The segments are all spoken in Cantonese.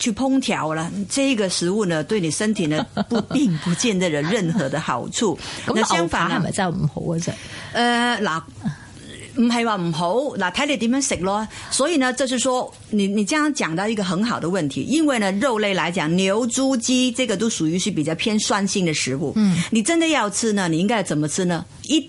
去烹調了這個食物呢，對你身體呢不並不見得有任何的好處。那相反，係咪真係唔好啊？就、嗯，呃，嗱，唔係話唔好，嗱睇你點樣食咯。所以呢，就是說，你你這樣講到一個很好的問題，因為呢，肉類來講，牛、豬、雞這個都屬於是比較偏酸性的食物。嗯，你真的要吃呢，你應該怎麼吃呢？一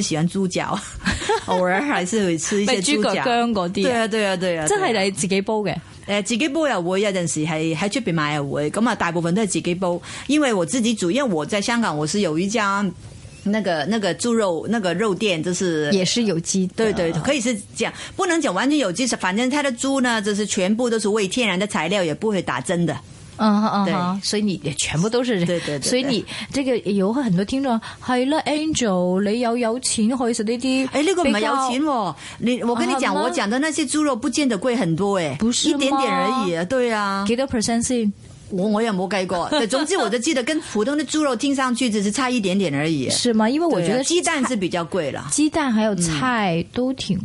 喜歡豬腳，偶爾還是會吃一些豬腳 薑嗰啲、啊，對啊，對啊，對啊，真係你自己煲嘅。呃，自己煲也會有陣時還喺出邊買又咁啊，大部分都是自己煲，因為我自己煮，因為我在香港我是有一家那個那個豬肉那個肉店，就是也是有機，對、啊、對，可以是這樣不能講完全有機是，反正它的豬呢，就是全部都是餵天然的材料，也不會打針的。嗯嗯，所以你全部都是人，對對對對，所以你這個有很多聽眾係啦，Angel，你有有錢可以食呢啲，呢、欸這個唔係有錢喎，你我跟你講，uh、huh, 我講的那些豬肉不見得貴很多，欸、不是嗎？一點點而已，啊，對啊，幾多 percent 先，我我也冇計過對，總之我都記得跟普通的豬肉聽上去只是差一點點而已，啊， 是嗎？因為我覺得雞、啊、蛋是比較貴啦，雞蛋還有菜都挺。嗯